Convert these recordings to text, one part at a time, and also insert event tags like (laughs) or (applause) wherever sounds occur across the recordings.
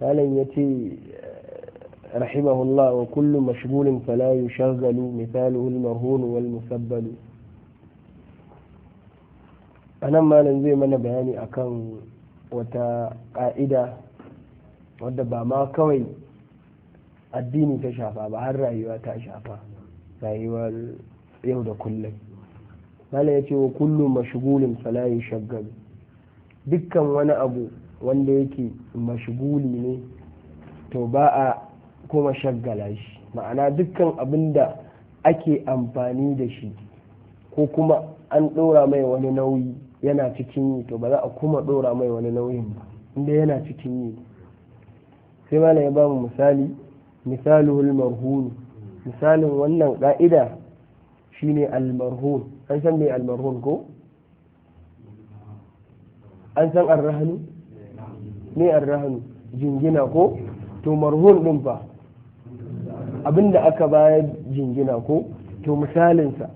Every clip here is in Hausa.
malam ya ce rahimahullah wa kullu mashgulin fala yushaghalu misaluhu al-marhun wal A nan malam zai mana bayani akan wata ƙa'ida wadda ba ma kawai addini ta shafa ba har rayuwa ta shafa rayuwar yau da kullum malam ya ce wa kullum mashigulin falayi shaggal dukkan wani abu wanda yake mashiguli ne to ba a kuma shaggala shi ma'ana dukkan abin da ake amfani da shi ko kuma an ɗora mai wani nauyi yana cikin yi to ba za a kuma ɗora mai wani nauyin ba inda yana cikin yi sai mana ya ba mu misali misaluhul marhun misalin wannan ƙa'ida shine almarhun an san mai almarhun ko an san arrahanu ne arrahanu jingina ko to marhun din fa abinda aka bayar jingina ko to misalinsa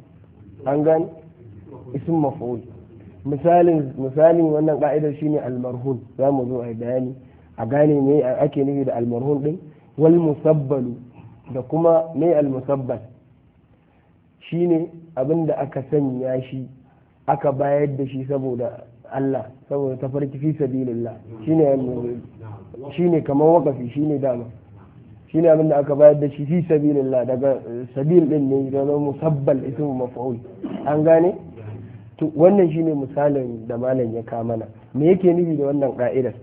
an gan isin maf'ul misalin misalin wannan ka'idar shine almarhun za mu zo a bayani a gane me ake nufi da almarhun din wal musabbalu da kuma me almusabbal shine abin da aka sanya shi aka bayar da shi saboda Allah saboda ta farki fi sabilillah shine shine kamar wakafi shine dama shine abin da aka bayar da shi fi sabilillah daga eh, sabil din ne da zama musabbal ismu maf'ul an gane to wannan shine misalin da malam ya ka mana me yake nufi da wannan ka'idar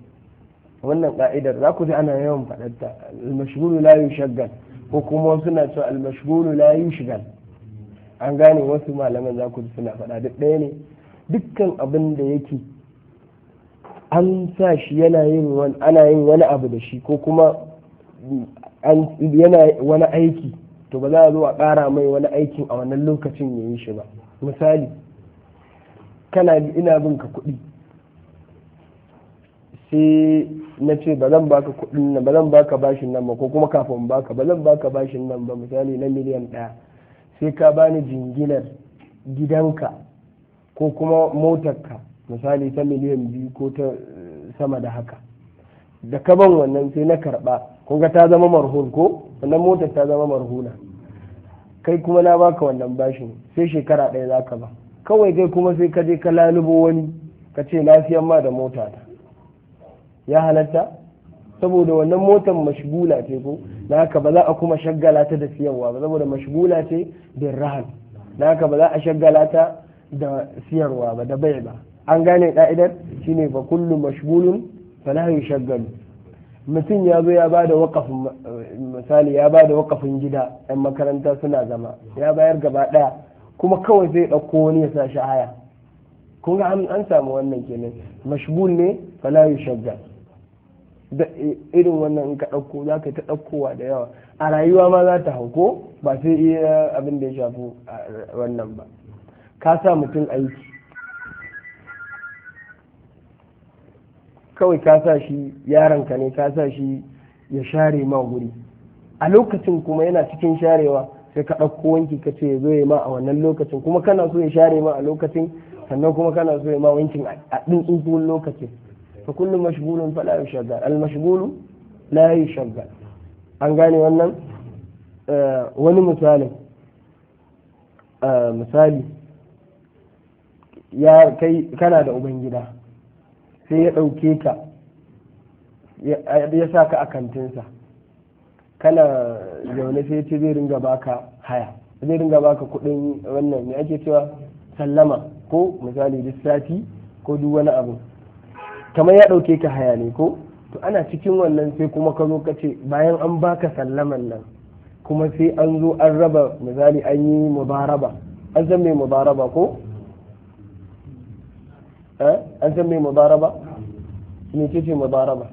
wannan ka'idar za ku ji ana yawan faɗarta al-mashghulu la yushaggal ko kuma suna cewa al-mashghulu la yushgal an gane wasu malaman za ku ji suna faɗa duk ɗaya ne dukkan abin da yake an sa shi yana yin wani ana yin wani abu da shi ko kuma yana wani aiki to ba za a zo a ƙara mai wani aikin a wannan lokacin ya yi shi ba misali kana ina bin ka kuɗi sai na ce ba zan baka kuɗin nan ba zan baka bashin nan ba ko kuma kafin baka ba zan baka bashin nan ba misali na miliyan ɗaya sai ka bani jinginar gidanka ko kuma motarka misali ta miliyan biyu ko ta eh, sama da haka da ka ban wannan sai na karba kun ta zama marhun ko wannan motar ta zama marhuna kai kuma na baka wannan bashin sai shekara ɗaya za ka ba kawai kai kuma sai ka je ka lalubo wani ka ce na ma da mota ta ya halatta saboda wannan motar mashgula ce ko na haka ba za a kuma shaggala ta da siyarwa ba saboda mashgula ce bin rahan na haka ba za a shaggala ta da siyarwa ba da bai ba an gane ka'idar shine fa kullu mashghulun fala yushaggalu mutum ya zo ya bada wakafin misali ya bada wakafin gida yan makaranta suna zama ya bayar gaba ɗaya kuma kawai zai ɗauko wani ya sa shi haya kun ga an samu wannan kenan mashgul ne fala yushaggal da irin wannan ka ɗauko za ka ta ɗaukowa da yawa a rayuwa ma za ta hauko ba sai iya abin da ya shafi wannan ba ka sa mutum aiki kawai ka sa shi yaranka ne ka sa shi ya share ma guri a lokacin kuma yana cikin sharewa sai ka ɗauko wanki ka ce ya zo ya ma a wannan lokacin kuma kana so ya share ma a lokacin sannan kuma kana so ya ma wankin a ɗin tsohon lokacin fa kullum mashghulun fa la yushaggal al mashghulu la yushaggal an gane wannan eh, wani misali eh, misali ya kai kana da ubangida sai ya ɗauke ka ya sa ka a kantinsa kana zaune sai ce zai ringa baka haya zai ringa baka kuɗin wannan ne ake cewa sallama ko misali lissafi ko duk wani abu kamar ya ɗauke ka haya ne ko to ana cikin wannan sai kuma ka zo ka ce bayan an baka sallaman nan kuma sai an zo an raba misali an yi mubaraba an san mai mubaraba ko Eh? an san mai mubaraba me ce ce mubaraba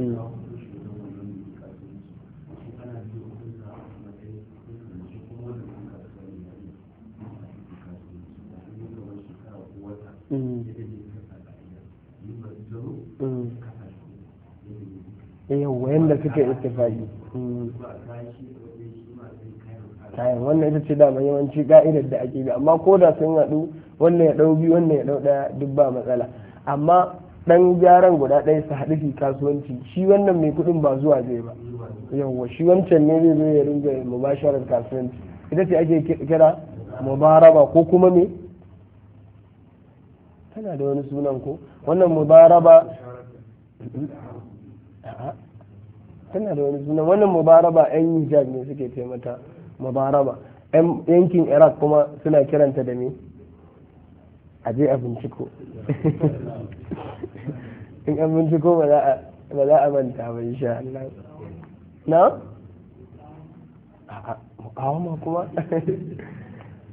yawwa suka kayan wannan ita ce dama yawanci ka'idar da ake bi amma ko da sun haɗu wannan ya ɗau biyu wannan ya ɗau ɗaya duk ba matsala amma ɗan gyaran guda ɗaya su haɗu fi kasuwanci shi wannan mai kuɗin ba zuwa zai ba yawwa shi wancan ne zai zo ya ringa mubasharar kasuwanci ita ce ake kira mubaraba ko kuma me tana da wani sunan ko wannan mubaraba tana da wani sunan wannan mubaraba yan hijab ne suke taimata mubaraba yankin iraq kuma suna kiranta da me a je a binciko in an binciko ba za a manta ba insha Allah na mukawama kuma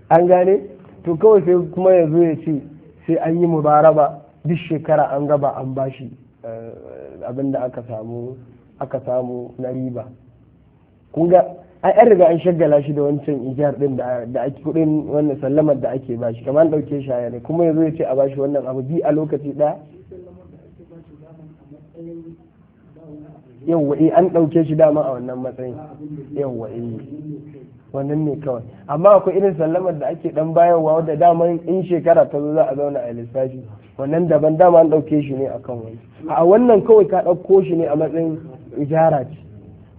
an gane to kawai sai kuma ya zo ya ce sai an yi mubaraba duk shekara an gaba an bashi eh, abinda aka samu aka samu na riba kun ga a yan riga an shaggala shi da wancan ijar din da ake kudin wannan sallamar da ake bashi kamar an dauke shi ne kuma yanzu ya ce a bashi wannan abu bi a lokaci da yawwa eh an dauke shi dama a wannan matsayin yawwa eh wannan ne kawai amma akwai irin sallamar da ake dan bayarwa wadda daman in shekara ta zo za a zauna a lissafi wannan daban dama an dauke shi ne akan wani a wannan kawai ka dauko shi ne a matsayin ijara ce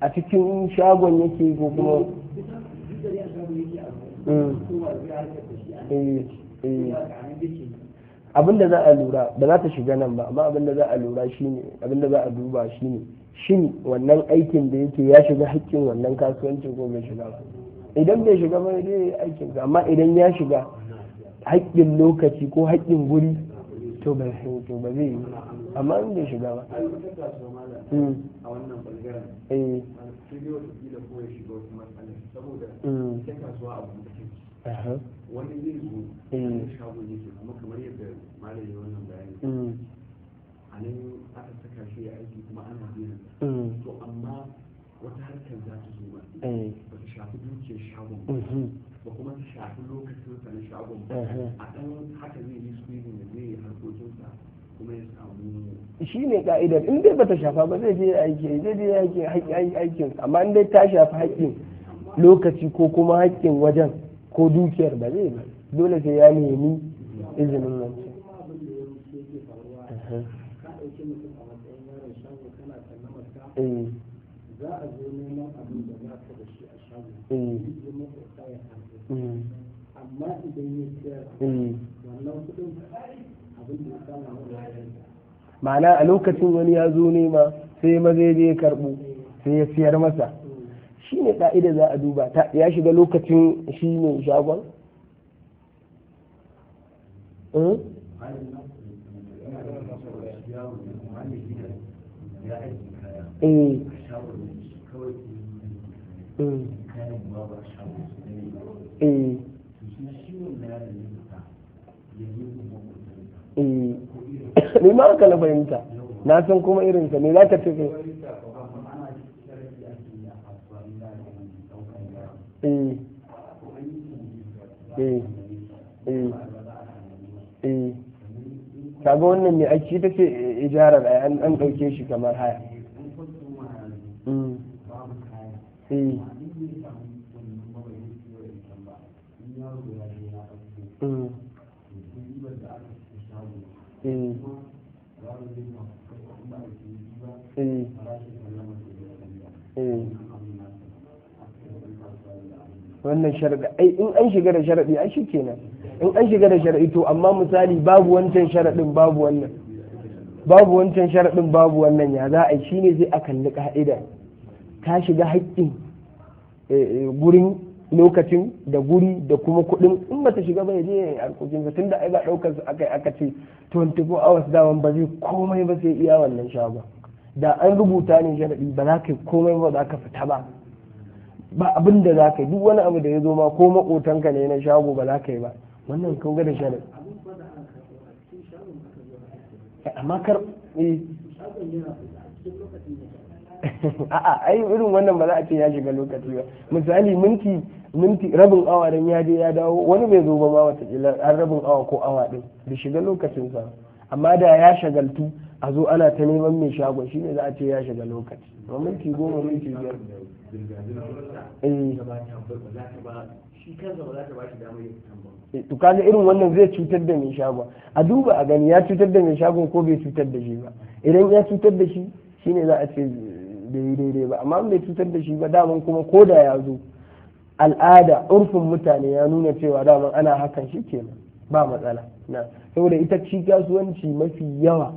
a cikin shagon yake ko kuma mm. mm. abinda za a lura ba za ta shiga nan ba amma abinda za a lura shine abinda za a duba shine shin wannan aikin da yake ya shiga hakkin wannan kasuwancin ko bai shiga ba idan bai shiga ba yi aikin amma idan ya shiga haƙƙin lokaci ko haƙƙin guri to bai to ba zai yi amma in bai shiga ba hmm. a wannan eh. saboda hmm. sai wani eh. a shago kuma kamar wannan bayani hmm. a ya aiki kuma ana amma wata harkar za ta zo eh. dukiyar shagon mhm. ba kuma ta shafi zai yi shi ne ka'idar in dai bata shafa ba zai je aiki zai je aiki aikin amma in dai ta shafi haƙƙin lokaci ko kuma haƙƙin wajen ko dukiyar ba zai ba dole sai ya nemi izinin nan eh. Eh. Eh. amma idan ya ma'ana a lokacin wani ya zo nema sai maza ya karɓo sai ya siyar masa shi ne ƙa'ida za a duba ta ya shiga lokacin shi ne shagon hmm? eh, eh. (laughs) ne ma haka na fahimta na san kuma irin ka ne za ka tafi eh. eh. eh. kaga wannan ne aiki ta ce ijarar an ɗauke shi kamar haya Mm. Eh. Eh. wannan sharaɗi ai in an shiga da sharaɗi a shi kenan in an shiga da sharaɗi to amma misali babu wancan sharaɗin babu wannan babu wancan sharaɗin babu wannan ya za a yi shine zai kalli ka'ida ka shiga haƙƙin eh, gurin lokacin da guri da kuma kuɗin in ba ta shiga ba ya je ya yi harkokinsa tunda ai ba daukar su aka aka ce 24 hours daman ba zai komai ba sai iya wannan shago da an rubuta ne jaradi ba za ka yi komai ba za ka fita ba ba abin da za ka yi duk wani abu da ya zo ma ko makotanka ne na shago ba za ka yi ba wannan kan gada sharaɗi eh, amma kar eh. (laughs) a'a ai irin wannan ba za a ce ya shiga lokaci ba misali minti minti rabin awa dan ya je ya dawo wani bai zo ba ma watakila an rabin awa ko awa din da shiga lokacin sa amma da ya shagaltu a zo ana ta neman mai shagon shi ne za a ce ya shiga lokaci ba minti goma minti biyar eh. Eh, to kaga irin wannan zai cutar da mai shagon a duba a gani ya cutar da mai shagon ko bai cutar da shi ba idan ya cutar da shi shine za a ce bai daidai ba amma bai cutar da shi ba daman kuma ko da ya zo al'ada urfin mutane ya nuna cewa daman ana hakan shi kenan ba matsala na saboda ita ci kasuwanci mafi yawa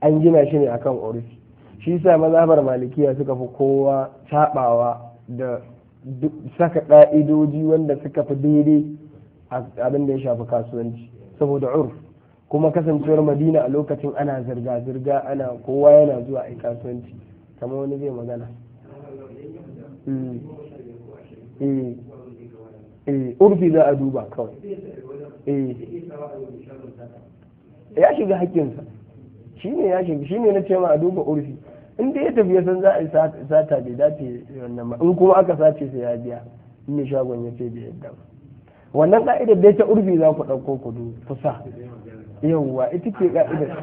an gina shi ne akan urfi shi yasa mazhabar malikiya suka fi kowa sabawa da saka ka'idoji wanda suka fi daidai abin da ya shafi kasuwanci saboda urf kuma kasancewar madina a lokacin ana zirga-zirga ana kowa yana zuwa a kasuwanci kamar wani zai magana hmm. Eh, eh urfi za a duba kawai eh ya shiga haƙƙinsa shi ne ya shiga shi ne na cewa a duba urfi in dai ya tafi san za a yi sata bai dace wannan ba in kuma aka sace sai ya biya in ne shagon ya ce bai yadda ba wannan ka'idar dai ta urfi za ku ɗauko ku du fusa yawwa ita ce ka'idar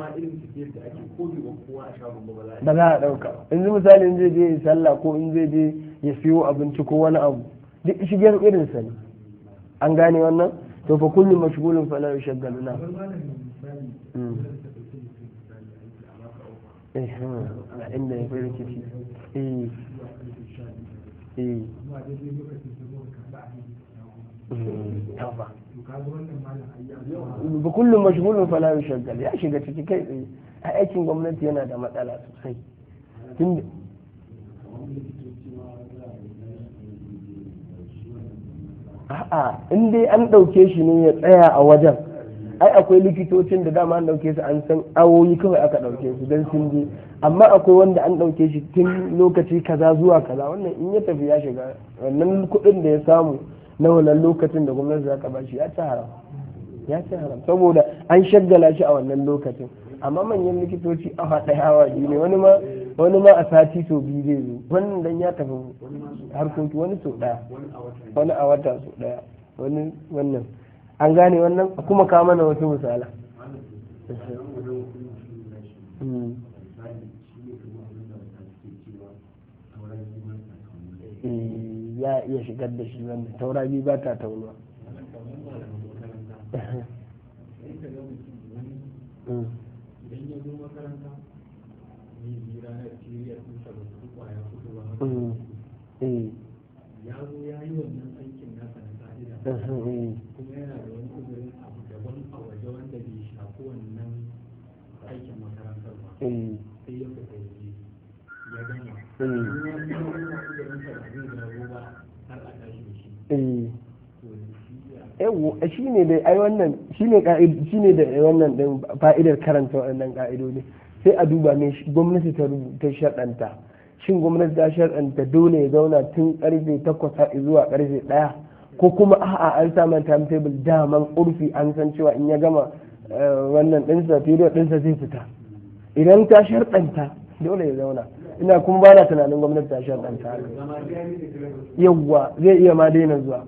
ba za a ɗauka in misali in zai je ya sallah ko in zai je ya siyo abinci ko wani abu duk shigen irin sani an gane wannan to fa kullu mashghulun hmm. eh inda ya fara kici eh, eh. Hmm, ba kullum mashgulun fala yushaggal ya shiga ciki kai tsaye a aikin gwamnati yana da matsala sosai a'a in dai an ɗauke shi ne ya tsaya a wajen ai akwai likitocin da dama an ɗauke su an san awoyi kawai aka ɗauke su don sun je amma akwai wanda an ɗauke shi tun lokaci kaza zuwa kaza wannan in ya tafi ya shiga wannan kuɗin da ya samu na wannan lokacin da gwamnati za ta bashi ya ci haram ya ci haram saboda an shaggala shi a wannan lokacin amma manyan likitoci a haɗa hawa ne wani ma wani ma a sati sau biyu zai zo wannan dan ya tafi harkoki wani sau ɗaya wani a wata sau ɗaya wani wannan an gane wannan kuma ka mana wasu misala hmm. eh, ya iya shigar da shi wannan taura biyu ba ta taunuwa (laughs) Mm. in ya zo makaranta ne ranar ba su ba mm. Mm. yi wannan aikin mm-hmm, mm. kuma yana da wani uzurin abu daban a waje wanda bai shafi wannan aikin makarantar sai ya fita ya gama kuma wannan ba zai ba har a tashi yawo shine da ai wannan shi ne da wannan din fa'idar karanta wannan ka'idodi sai a duba ne gwamnati ta rubuta shaɗanta shin gwamnati ta shaɗanta dole ya zauna tun karfe takwas zuwa karfe ɗaya ko kuma a'a an samun timetable daman urfi an san cewa in ya gama eh, wannan ɗinsa period sa zai fita idan ta sharɗanta dole ya zauna ina kuma ba na tunanin gwamnati ta sharɗanta yawwa zai iya ma daina zuwa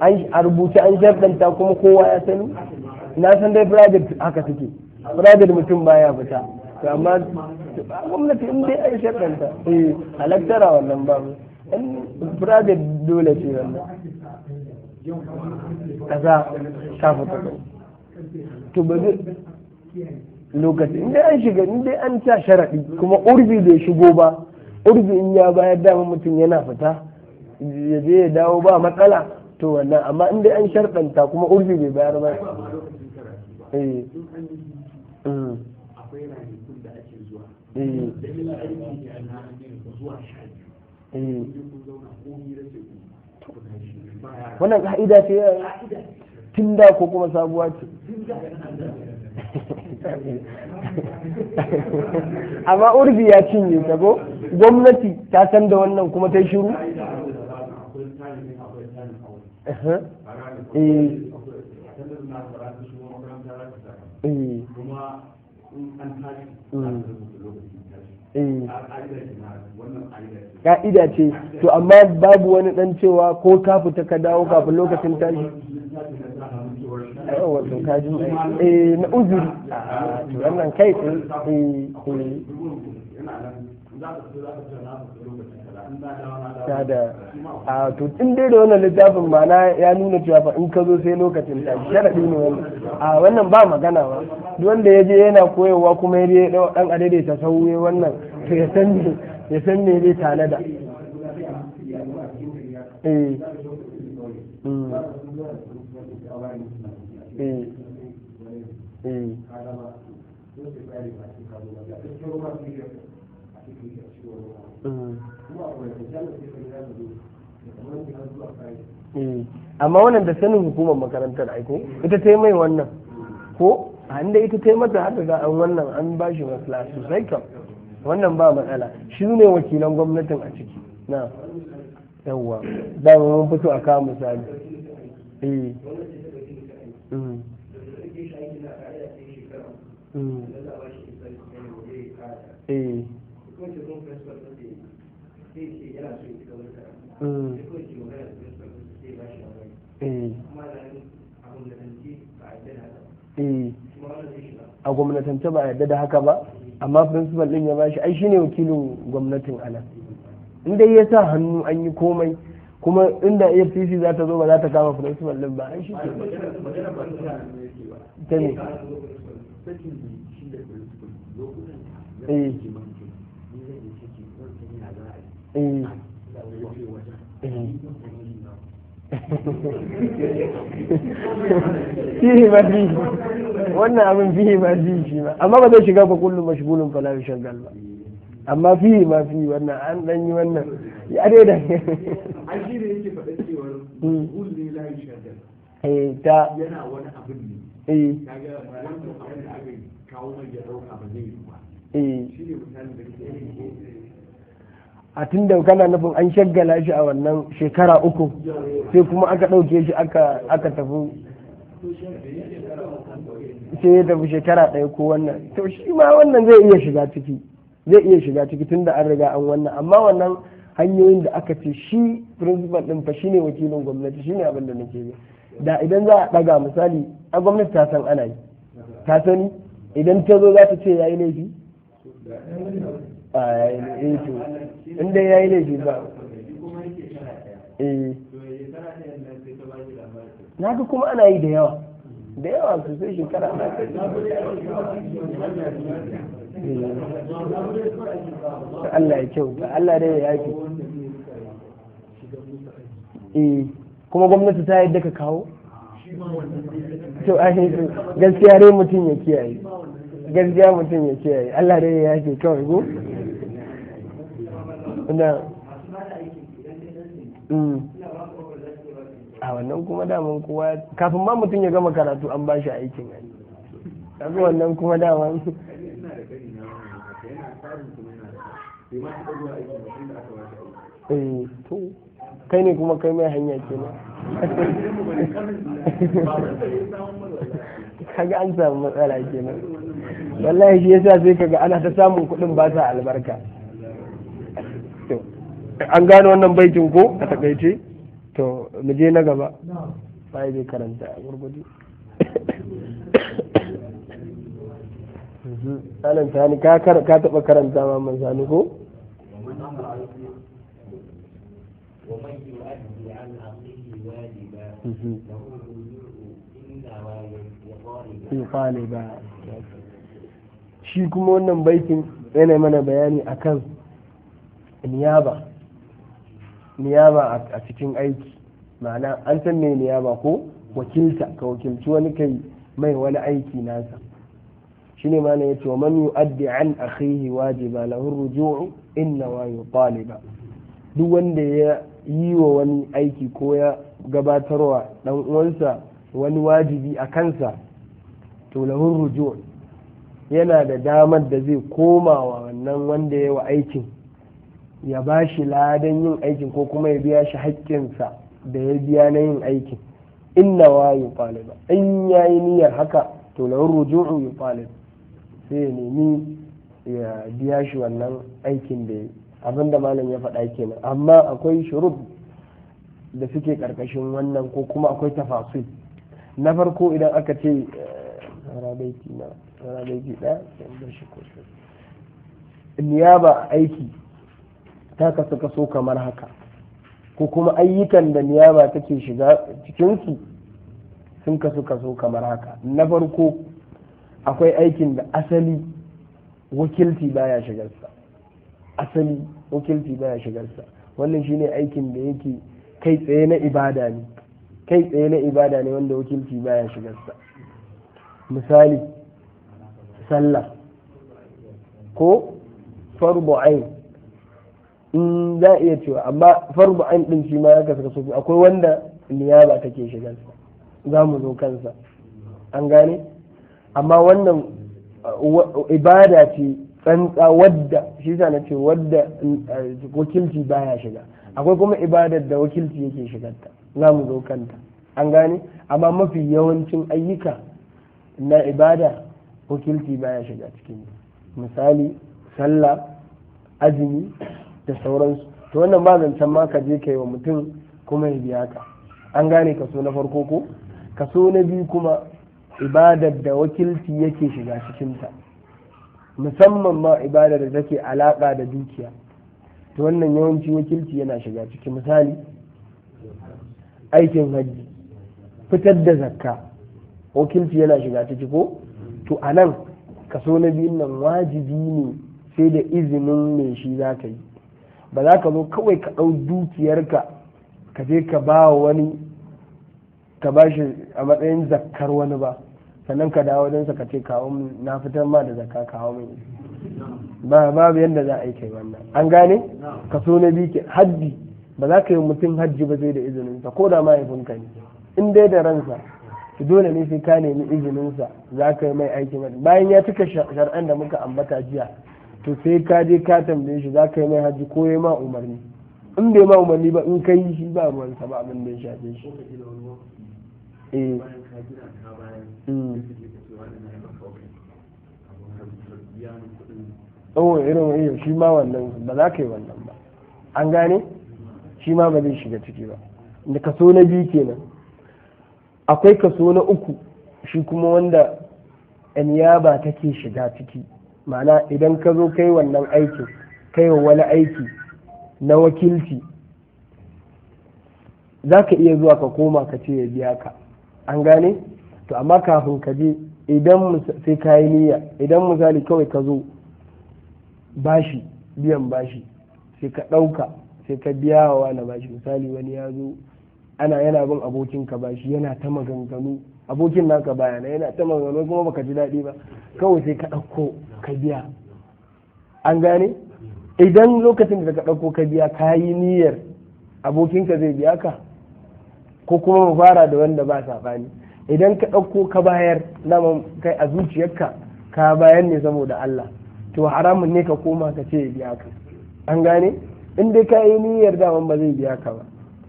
a rubuce an shafɗanta kuma kowa ya sani na san dai private haka suke private mutum baya fita to amma gwamnati in dai an shafɗanta. eh halattara wannan ba in private dole ce wannan kaza ta fita to ba lokaci in dai an shiga in dai an ta sharaɗi kuma urbi bai shigo ba urbi in ya bayar dama mutum yana fita ya je ya dawo ba matsala to wannan amma in dai an sharɗanta kuma urfi bai bayar ba wannan eh, ka'ida ce tun da ko kuma sabuwa ce (laughs) amma urbi ya cinye ta ko gwamnati ta san da wannan kuma ta shiru Eh. Eh. Eh. ka'ida ce to amma babu wani dan cewa ko ka fita ka dawo kafin lokacin tashi yawa wato ka ji na uzuri wannan kai ce. a to in dai da wannan littafin mana ya nuna cewa fa in ka zo sai lokacin da sharadi ne wannan a wannan ba magana ba duk wanda ya je yana koyarwa kuma ya je dan adaidaita sauye wannan to ya san me ya san ne zai da eh. Hmm. eh eh eh Eh, amma wannan da sanin hukumar makarantar aiko ita ta mai wannan ko an da ita ta mata har da an wannan an ba shi maslaha sosai kam wannan ba matsala shi ne wakilan gwamnatin a ciki na yawwa da mun fito a kawo misali eh mm. Mm. eh mm. Eh. Eh. a gwamnatance ba yadda da haka ba amma principal din ya bashi ai shine wakilin gwamnatin ana inda ya sa hannu an yi komai kuma inda afcc za ta zo ba za ta kama principal din ba ai shi ke ta ne eh, eh. (laughs) fihi ma fihi wannan abin fihi ma fihi shi ma amma ba zai shiga ba kullum mashgulun fala bi shagal ba amma fihi ma fihi wannan an dan yi wannan ya dai da ai shi ne yake faɗa cewa hmm. kulli la shagal eh ta yana wani abin ne eh kaga wannan abin da aka kawo mai ya dauka ba zai yi ba eh shi ne misalin da a tun da kana nufin an shaggala shi a wannan shekara uku sai kuma aka ɗauke shi aka tafi sai ya tafi shekara ɗaya ko wannan to shi ma wannan zai iya shiga ciki zai iya shiga ciki tun da an riga an wannan amma wannan hanyoyin da aka ce shi principal ɗin fa shine wakilin gwamnati shine abin da nake yi da idan za a ɗaga misali a gwamnati ta san ana yi ta sani idan ta zo za ta ce ya yi laifi a yayin eh, to inda yayi laifi ba eh. na ga kuma ana yi da yawa da yawa su sai shekara na eh. Allah ya kyau Allah dai ya yaki eh kuma gwamnati ta yadda ka kawo to ainihin gaskiya dai mutum ya kiyaye gaskiya mutum ya kiyaye Allah dai ya yake kawai go na mm. a wannan kuma daman kowa kafin ma mutum ya gama karatu an ba shi aikin yanzu wannan kuma daman eh, to kai ne kuma kai mai hanya ke nan (laughs) kaga an samu matsala ke nan wallahi shi yasa sai kaga ana ta samun kudin ba sa albarka an gane wannan baitin ko a takaice to mu je na gaba bai zai karanta a gurgudu mhm. Alan Sani ka taɓa karanta ma man Sani ko? Mhm. Shi kuma wannan baitin yana mana bayani akan niyaba niyaba a cikin aiki ma'ana an san mai niyaba ko wakilta ka wakilci wani kai mai wani aiki nasa shi shine ma yace wa man yu'addi an akhihi wajiba lahu ruju'u inna wa ba duk wanda ya yi wa wani aiki ko ya gabatarwa dan uwansa wani wajibi a kansa to lahu ruju' yana da damar da zai komawa wannan wanda ya wa aikin ya ba shi ladan yin aikin ko kuma ya biya shi haƙƙinsa da ya biya na yin aikin inna wa yi in ya yi niyyar haka to na ruju'u yi ɗalib sai ya nemi ya biya shi wannan aikin da ya abin da malam ya faɗa kenan amma akwai shurub da suke ƙarƙashin wannan ko kuma akwai tafasil na farko idan aka ce eh, niyaba aiki ta kasu kaso kamar haka ko kuma ayyukan da niyama take shiga cikinsu sun kasu kaso kamar haka na farko akwai aikin da asali wakilci baya shigarsa asali wakilci baya shigarsa wannan shine aikin da yake kai tsaye na ibada ne kai tsaye na ibada ne wanda wakilci baya shigarsa misali sallah ko farbo in za a iya cewa amma farbu an din shi ma ya kasu sofi akwai wanda niyaba take shigarsa za mu zo kansa an gane amma wannan ibada ce tsantsa wadda shi sa na ce wadda eh, wakilci baya shiga akwai kuma ibadar da wakilci yake shigarta za mu zo kanta an gane amma mafi yawancin ayyuka na ibada wakilci baya shiga cikin misali sallah azumi da sauransu to wannan ba zancen ma ka je yi wa mutum kuma ya biya ka an gane kaso na farko ko kaso na biyu kuma ibadar da wakilci yake shiga cikinta musamman ma ibadar da take alaka da dukiya to wannan yawanci wakilci yana shiga ciki misali aikin hajji fitar da zakka wakilci yana shiga ciki ko to a nan kaso na biyun nan wajibi ne sai da izinin mai shi za ka yi ba za ka zo kawai ka ɗau dukiyarka ka je ka ba wani ka ba shi a matsayin zakkar wani ba sannan ka dawo don ka ce kawo min na fitar ma da zakka kawo min ba babu yadda za a yi kai wannan an gane ka so na bi ke hajji ba za ka yi mutum hajji ba sai da izininsa ko da mahaifinka ne in dai da ransa dole ne sai ka nemi izininsa za ka yi mai aikin bayan ya cika shar'an da muka ambata jiya to sai ka je ka tambaye shi za ka yi mai hajji ko ya ma umarni in bai ma umarni ba in ka yi shi ba ruwan ba abin da ya shafe shi eh tsawon mm. oh, irin yau eh, shi ma wannan ba za ka yi wannan ba an gane shi ma ba zai shiga ciki ba da kaso na biyu kenan akwai kaso na uku shi kuma wanda ba take shiga ciki ma'ana idan ka zo kai wannan aikin kai wa wani aiki na wakilci za ka iya zuwa ka koma ka ce ya biya ka an gane to amma kafin ka je idan sai ka yi niyya idan misali kawai ka zo bashi biyan bashi sai ka ɗauka sai ka biya wa wani bashi misali wani ya zo ana yana bin abokinka bashi yana ta maganganu abokin naka bayana yana ta maganganu kuma baka ji daɗi ba kawai sai ka ɗauko ka biya an gane idan lokacin da ka ɗauko ka biya ka yi niyyar abokin ka zai biya ka ko kuma mu fara da wanda ba saɓani idan ka ɗauko ka bayar naman kai a zuciyarka ka bayan ne saboda Allah to haramun ne ka koma ka ce biya ka an gane in dai ka yi niyyar daman ba zai biya ka ba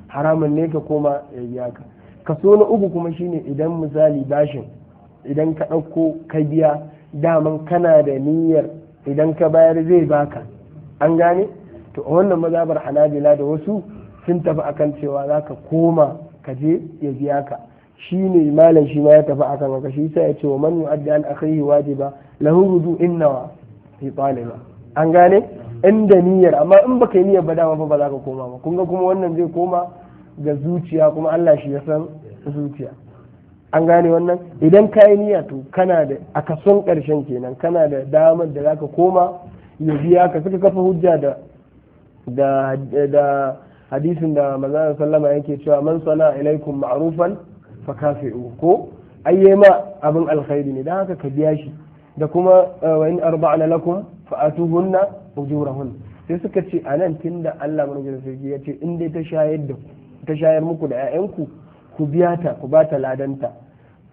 haramun ne ka koma ya biya ka kaso na uku kuma shine idan misali bashin idan ka ɗauko ka biya daman kana da niyyar idan ka bayar zai baka an gane to a wannan mazabar hanabila da wasu sun tafi akan cewa za ka koma ka je ya biya ka shi ne malam shi ma ya tafi akan haka shi sai ya ce wa man yu'addi an akhihi wajiba lahu rudu innawa fi taliba an gane inda niyyar amma in baka yi niyyar ba dama ba za ka koma ba kun ga kuma wannan zai koma ga zuciya kuma Allah shi ya san zuciya an gane wannan idan ka yi niyya to kana da a kason ƙarshen kenan kana da damar da zaka koma ya biya ka suka kafa hujja da da hadisin da manzon sallama yake cewa man sana ilaikum ma'rufan fa kafi'u ko ayye ma abin alkhairi ne dan haka ka biya shi da kuma eh, wa in arba'na lakum fa atuhunna ujurahun sai suka ce anan tunda Allah marjin sarki ya ce in dai ta shayar da ku ta shayar muku da 'ya'yanku ku biya ta ku ba ta ladanta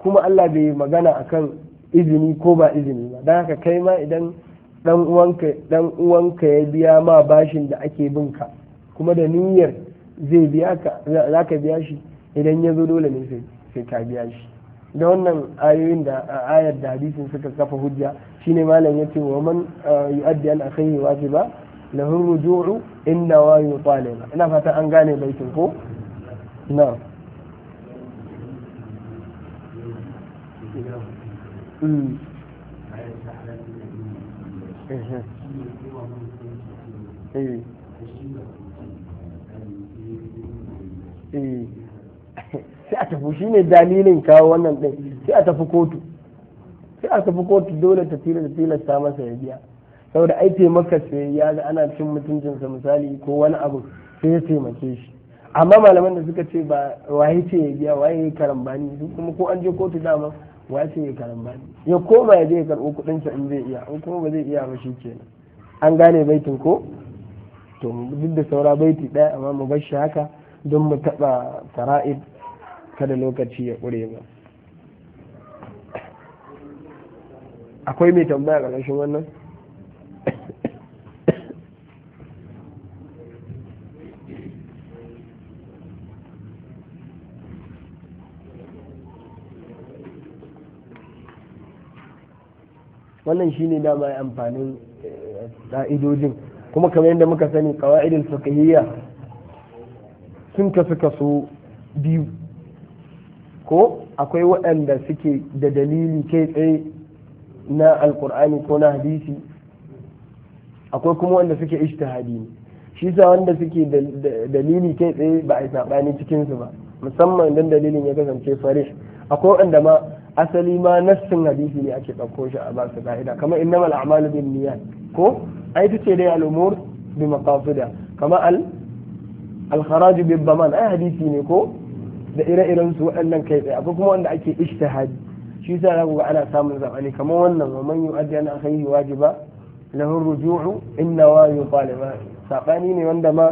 kuma Allah bai magana akan izini ko ba izini ba don haka kai ma idan dan uwanka ya biya ma bashin da ake bin ka kuma da niyyar zai biya ka za ka biya shi idan ya zo dole ne sai ka biya shi da wannan ayoyin da ayar da hadisin suka kafa hujja shine malam yace wa man yu'addi an akhihi wajiba lahun ruju'u inna wayo yi taliba ina fata an gane baitin ko na sai a tafi shi ne dalilin kawo wannan ɗin sai a tafi kotu sai a tafi kotu dole ta tilasta masa ya biya saboda ai taimaka sai ya ga ana cin mutuncinsa misali ko wani abu sai ya taimake shi amma malaman da suka ce ba waye ce ya biya waye ya karambani su kuma ko an je kotu dama waye ce ya karambani ya koma ya je ya karɓo sa in zai iya in kuma ba zai iya ba shi kenan an gane baitin ko to duk da saura baiti ɗaya amma mu bar shi haka don mu taɓa fara'id kada lokaci ya ƙure ba akwai mai tambaya ƙarƙashin wannan wannan shine dama amfanin eh, ƙa'idojin kuma kamar yadda muka sani qawaidul fiqhiyya sun kasu kaso biyu ko akwai waɗanda suke da dalili kai tsaye na alkur'ani ko na hadisi akwai kuma wanda suke ishtihadi ne shi sa wanda suke dalili kai tsaye ba a yi saɓani cikinsu ba musamman idan dalilin ya kasance farish akwai wanda ma asali ma nassin hadisi ne ake ɗauko shi a basu ka'ida kamar innama al'amalu bin niyyat ko ai tace dai al'umur bi maqasida kamar al al kharaju bi baman ai hadisi ne ko da ire-iren su waɗannan kai tsaye akwai kuma wanda ake ijtihadi shi yasa za ku ga ana samun zabani kamar wannan wa man yu'addi an akhihi wajiba lahu ruju'u inna wa yuqalima sabani ne wanda ma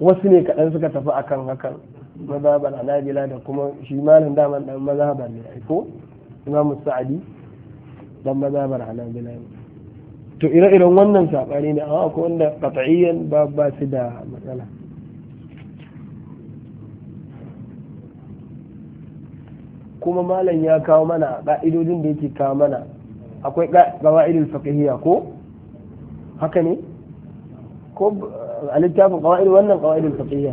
wasu ne kaɗan suka tafi akan hakan mazhaban anabila da kuma shi malam daman dan mazhaban ne ko imam sa'adi dan mazhabar hanabila ne to ire-iren wannan sabani ne amma akwai wanda qat'iyyan ba ba su da matsala kuma malam ya kawo mana ƙa'idodin da yake kawo mana akwai qawa'idul fiqhiyya ko haka ne ko a littafin wannan qawa'idul fiqhiyya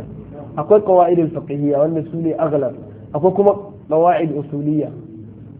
akwai qawa'idul fiqhiyya wanda su ne aghlab akwai kuma qawa'id usuliyya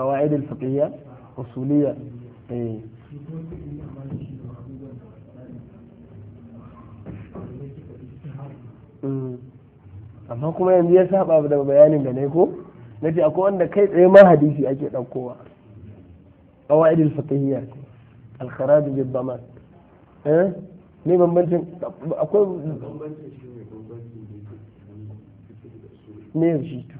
القواعد الفقهية أصولية amma kuma yanzu ya saba da bayanin da ne ko nace akwai wanda kai tsaye ma hadisi ake daukowa qawaidul fiqhiyya al kharaj bil eh ne bambancin akwai bambancin shi ne bambancin da ne shi to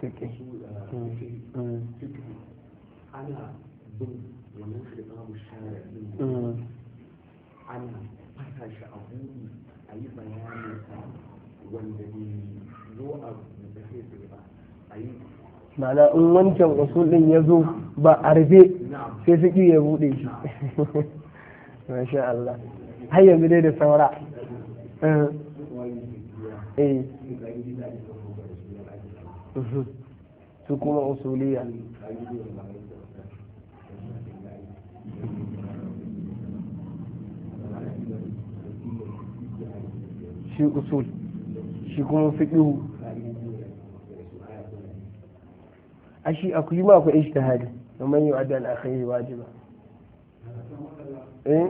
fiƙi uh, hmm. hmm. ana in wancan usul din ya zo ba a rufe sai fiƙi ya buɗe shi (laughs) masha Allah har yanzu dai da saura hmm. eh Mhm. su kuma usuliya shi usul shi kuma fiɗihu a shi akwai ta hari, ishtihadi kamar yi wadda al'akhiri wajiba eh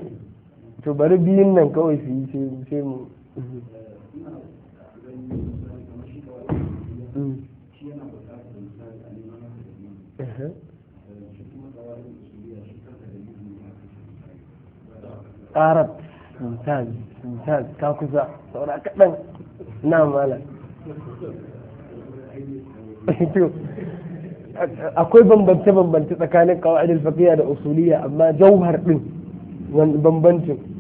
to bari biyun nan kawai su yi sai mu mhm. اها عرب ممتاز ممتاز كاكوزا صورة كبن نعم ولا أقول بمبنتي بمبنتي تكاني قواعد الفقهية الأصولية أما جوهر من نعم. بمبنتي